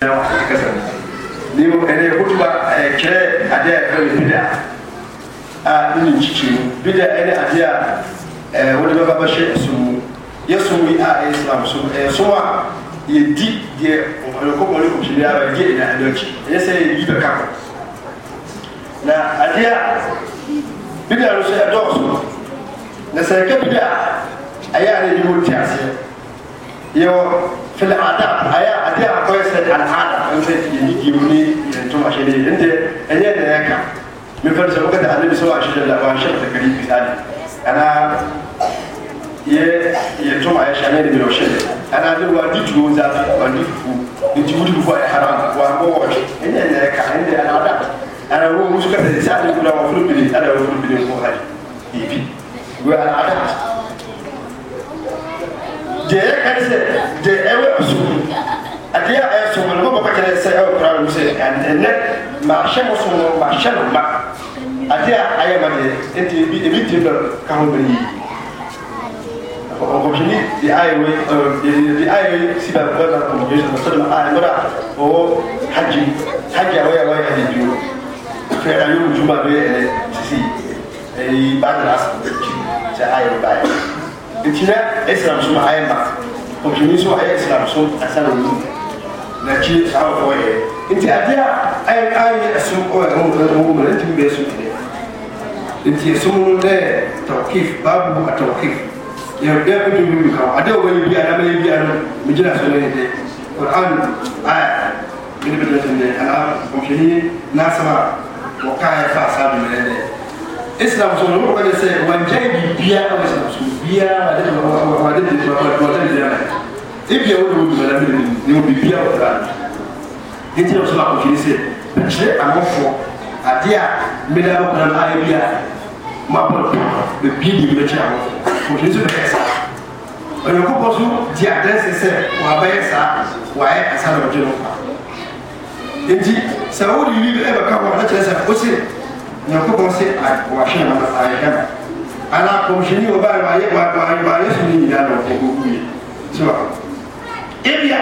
ni ɛnɛ hotuba ɛɛ kyerɛ adeɛ a yɛfrɛ no bida a ne ne nkyikyi mu bida ɛne adeɛ a ɛɛ wode bɛba bɛhyɛ som mu yɛ som yi a ɛyɛ islam som ɛyɛ som a yɛdi deɛ ɔnkɔkɔ ne kɔmhyɛni ara yɛdi ɛna ɛno akyi ɛyɛ sɛ yɛyi bɛka ho na adeɛ a bida no so ɛdɔɔso na sɛ yɛka bida a ɛyɛ a ne ne ho te aseɛ yo fil adab aya ate akoy se al adab en se ni giuni to ma shede inde enye ne yaka min fal sa wakata annabi sallallahu alaihi wasallam wa shar ta gari bisani ana ye ye to ma yasha ne bi roshede ana bi wa di tuwo za wa di fu di tuwo di fu ay haram wa bo wa enye ne yaka inde al adab ana wo muskata sa ni kula wa fulu bi ana wo fulu bi ko hali ibi wa al adab deɛ yɛ ka ne sɛ deɛ ɛwɔ asomdwo adeɛ a ɛyɛ somdwo no mobɛkɔ kyerɛ sɛ ɛwɔ kora no sɛ ɛnɛ maahyɛ mo som no maahyɛ no ma adeɛ a ayɛ ma deɛ ɛnti ebi ebi tiri dɔ ka ho bɛ yi ɔkɔhwɛni de ayɛ wɛ de ayɛ wɛ si ba bɛ na kɔmɔdun sɛ sɔdɔm a ɛmɛ dɛ ɔwɔ hajj hajj a wɔyɛ wɔyɛ hajj bi o fɛ ayɛ wɔ juma bɛ ɛɛ sisi ɛɛ ba de la sɛ ayɛ ba yɛ. nti na islam so ma ayɛ ma ɔdwini nso ayɛ islam so asa na ɔmu n'akyi saa ɔfɔ yɛ nti adeɛ a ayɛ ayɛ ɛso ɔyɛ ɔmo ɔmo ɔmo ɔmo ntumi bɛ ɛso tɛ nti ɛso mu no dɛ tɔkif baabu atɔkif yɛ yɛ bɛ dum bi ka adeɛ a wɔyɛ bi a dama yɛ bi a no mi gyina so na yɛ dɛ koran ayɛ mi ne bɛ dɛ tɛmɛ ala ɔdwini n'asɛm a wɔkaa yɛ fa asa bi mɛ dɛ islam so no wɔn kɔ de sɛ wɔn nkyɛn bi bia ɔmo islam so mu biara ade de ɔde de ana ebi a wɔde wɔdwuma na mene ne wɔ biribia wɔdra no nti na ɔsoma akɔhwere sɛ bɛkyerɛ amɔfoɔ adeɛ a mede abɔkora no ayɛ bi a mabɔ bɛbie de mɛkyerɛ amɔfoɔ ɔhwere nso bɛyɛ saa onyankopɔn so di adanse sɛ wɔabɛyɛ saa wɔayɛ asa na ɔgye no fa nti sɛ wode wi ɛbɛka hɔ na kyerɛ sɛ wose nyankopɔn se wɔahwɛ no ayɛhɛ no ana komisɛni o b'ale ma a ye wa wa wa ale sun ni ɲinan nɔ ko k'u ye tiwa e bi ya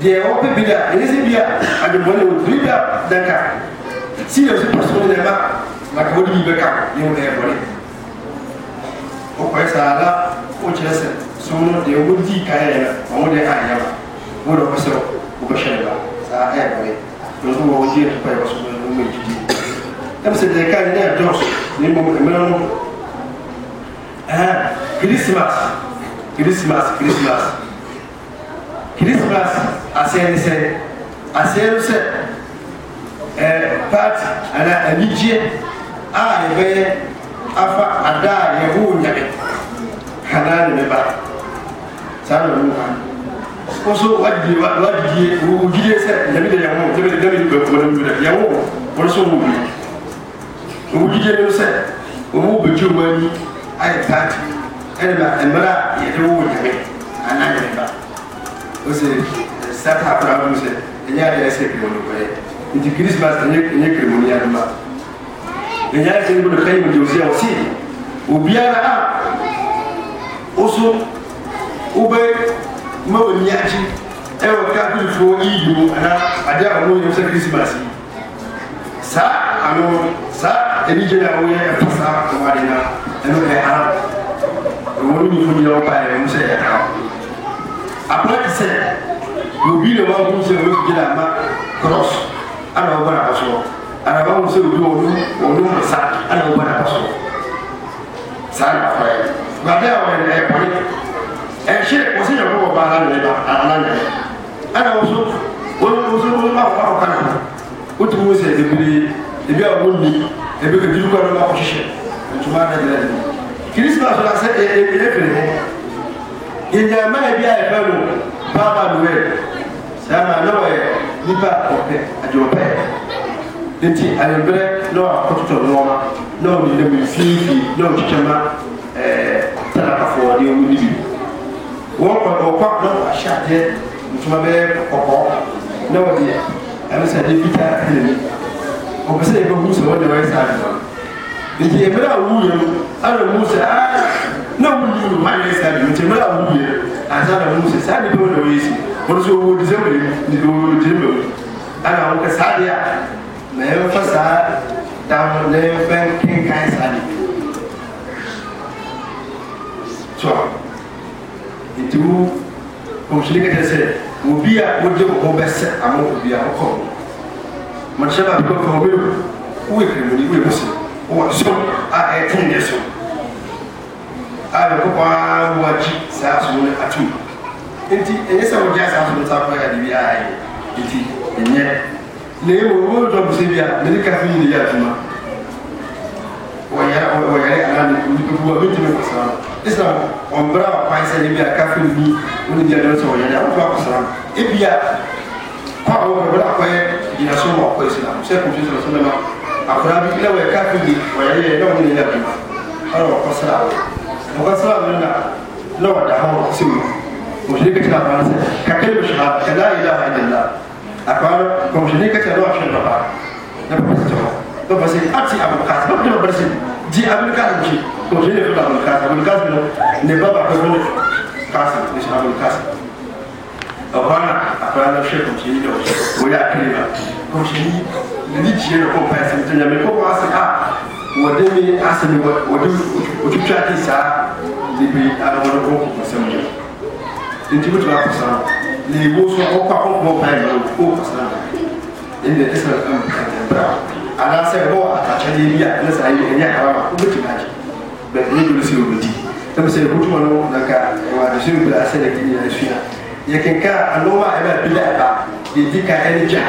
deɛ o bɛ bi da elise bi ya a bɛ mɔlen o fili bi ya danka si yɛ o si pɔsɔn yɛrɛ ma nka o de b'i bɛ kan ne y'o yɛrɛ mɔlen o kɔrɔ sara la o cɛ sɛ sɔngɔn de o di ka yɛrɛ la o de k'a yɛrɛ ma o de kɔsɛbɛ o bɛ sɛbɛn la sara ɛ mɔlen lɔsɔn o di yɛrɛ tɔgɔ yɛrɛ sɔgɔ yɛrɛ o bɛ jigin e bɛ se de ka ne yɛrɛ dɔn ni mɔgɔ kɛmɛ naani ɛhɛn christmas christmas christmas christmas aseɛ ne sɛ aseɛ no sɛ ɛɛ party ana anigyeɛ a yɛbɛyɛ afa ada a yɛwɔ onyame kanaa ne ne ba saa na ɔmo ha woso wadidie wadidie wogidie sɛ nyame de yɛn ho nyame de dɛmɛ nipa kuo nimu dɛ yɛn ho wɔn nso wɔ bi wogidie no sɛ wɔn mu bɛgye wɔn ani ayɛ paati ɛde ba mmerɛ a yɛde wowo nyame anaa yɛde ba o sɛ sata akora ho sɛ ɛnyɛ adeɛ sɛ bi wɔn kɔyɛ nti christmas ɛnyɛ ɛnyɛ kremoni adoma ɛnyɛ adeɛ sɛ bi wɔn kɔyɛ mu deɛ o a ɔsi obiara a ɔso wobɛ ma wɔn ni akyi ɛwɔ kakirifoɔ iyi mu anaa adeɛ a wɔn yɛ sɛ christmas yi saa ano saa anigye a wɔyɛ ɛfa saa ɔmo adeɛ naa ɛnu yɛ haram ɛwɔ ne nyinfo nyinaa ɔba yɛ ɛmu sɛ yɛ haram apɔn ti sɛ obi na wɔn ho sɛ wɔn gyina ama kɔrɔs ana wɔbɔ n'aba soɔ araba ho sɛ obi wɔn ho wɔn ho sa ana wɔbɔ n'aba soɔ saa na afɔ yɛ gbadɛ a wɔyɛ ɛyɛ pɔnne ɛhyɛ wɔsɛ yɛ wɔbɔ ɔbaa ana yɛ ana yɛ ana wɔso wɔn wɔso wɔn ba wɔn akɔka na ho wotu wɔn sɛ ebire ebi a wɔn ni ebi ebi kɔ na wɔn akɔhyehyɛ tuma na gyina ne christmas na sɛ ɛfiri ho yɛnyama bi a yɛfɛ no paama noɛ saa na na wɔyɛ nipa ɔpɛ adwɔpɛ nti ayɛmberɛ na wakɔtotɔ nnoɔma na ɔnyina mu mfiimfii na ɔtwitwa ma tanakafoɔ deɛ ɔmu ne bi wɔn kɔ ɔkɔ na wɔahyɛ adeɛ ntoma bɛyɛ kɔkɔɔ na wɔde ɛno sɛ adeɛ fitaa ɛna mu ɔpɛ sɛ yɛbɛhu sɛ wɔde wɔyɛ saa adwuma no nti mmerɛ a wuyɛ no ana mu sɛ aa ah, na wuyi no wayɛ saa bi nti mmerɛ a wuyɛ ansa na mu sɛ saa nipa wo na wɔyɛ si wɔn nso wɔwɔ december mu nti wɔwɔ december mu ana wɔn kɛ saa deɛ a na yɛmfa saa dam na yɛmfa nkenkan saa deɛ so nti wo kɔmsini kɛtɛ sɛ obi a wogye wo ho bɛsɛ ama obi a wokɔ mo hyɛ baako kɔ wo bɛ wo yɛ ni wo yɛ nsuo a ɛyɛ tendeɛ so a yɛkɔkɔ ara wɔakyi saa som no atom nti ɛnyɛ sɛ wogya saa som nsa kɔ ade bi ayɛ nti ɛnyɛ na ɛmu wɔdɔbo sɛ bi a mede ka so nyine yɛ adwuma wɔyɛre anane nipakuwa bɛtumi kɔsra no islam ɔmbrɛ a kwan sɛ ne bi a kafe bi wone bi adɔn sɛ wɔyɛre a wotumi akɔsra no ebia kwa a wɔbrɛ akɔyɛ gyinaso ma ɔkɔ islam sɛ kɔmfi sɛ sɛ ne ma akura bi na wɔyɛ kaa kogi wɔyɛ yɛ na wɔn nyina bi ɔna wɔkɔ sra wɔkɔ sra no na na wɔda hɔ si mu mɔhyɛni kakyɛ akwa sɛ kakiri bi hyɛ ha kala yi la ha yi la akwa no kɔ mɔhyɛni kakyɛ no ahwɛ papa na papa si tɔ hɔ na papa si ati abubakar papa dama bari si di abubakar bi si mɔhyɛni kakyɛ abubakar abubakar bi no ne ba baako bi no kaasa ne hyɛ abubakar apana apana hwɛ kɔmhyɛni dɛ wɔyɛ akere ma kɔmhyɛni ne kyiɛ no kɔmpa asɛm nti nyame kɔkɔ asɛ a wɔde ah, ah, ah, me asɛm wɔde ɔtwitwa de saa bebree anamɔno kɔkɔ sɛm no nti wotumi akɔsa no na ɛwo so ɔkɔ akɔnkɔn pae ma ɔkɔsa no ɛnna ɛsɛ ɛmbra anaasɛ ɛbɔ atakyɛdeɛ bi a ɛne saa yɛ ɛnyɛ akara ma wobɛtumi agye bɛt ne dolo sɛ wɔbɛdi ɛmu sɛ ɛkotuma no nanka ɛwɔ adesɛ bi a sɛ ɛdɛ nyinaa sua yɛkenka anoma e e a ɛbɛ bila ɛba yɛdi ka ɛne gya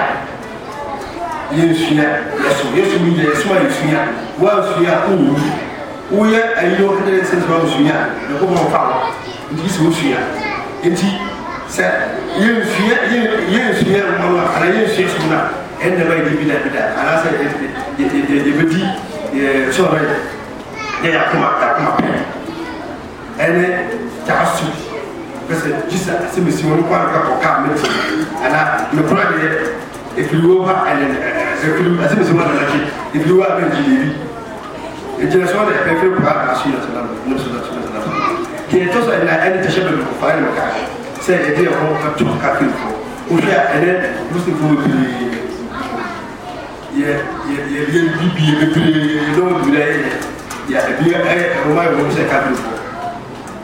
yɛnsua yɛso yɛso mu yɛ yɛso a yɛsua woansua e a wonwu woyɛ ayino ɛdɛrɛ sɛ sɛ woansua a nyankopɔn fa wo nti sɛ wosua nti sɛ yɛnsua yɛnsua mmano a anaa yɛnsua so no a ɛn dɛma yɛdi bi da bi da anaasɛ yɛbɛdi sɔrɔ yɛ yɛ yɛakoma yɛakoma pɛ ɛne taasub pɛsɛ jisa sɛ mesi wɔn kɔ anka kɔ kaa mɛti ana mɛkura deɛ efiriwo ha ɛnɛ ɛfiri ɛsɛ mesi wɔn anakyi efiriwo ha bɛ gyi ebi egyina so ɔde pɛpɛ kura asu yɛ tena no ne so na so na tena so deɛ ɛtɔ so ɛna ɛne tɛhyɛ bɛ no kɔfa ɛna kaa sɛ ɛde ɛhɔ ɛto kafin fo ohwɛ ɛnɛ musinfo bebree yɛ yɛ yɛ yɛ bibie bebree lɔɔre bi la yɛ yɛ ebi ɛyɛ ɛwɔ ayɛ wɔn sɛ kafin fo.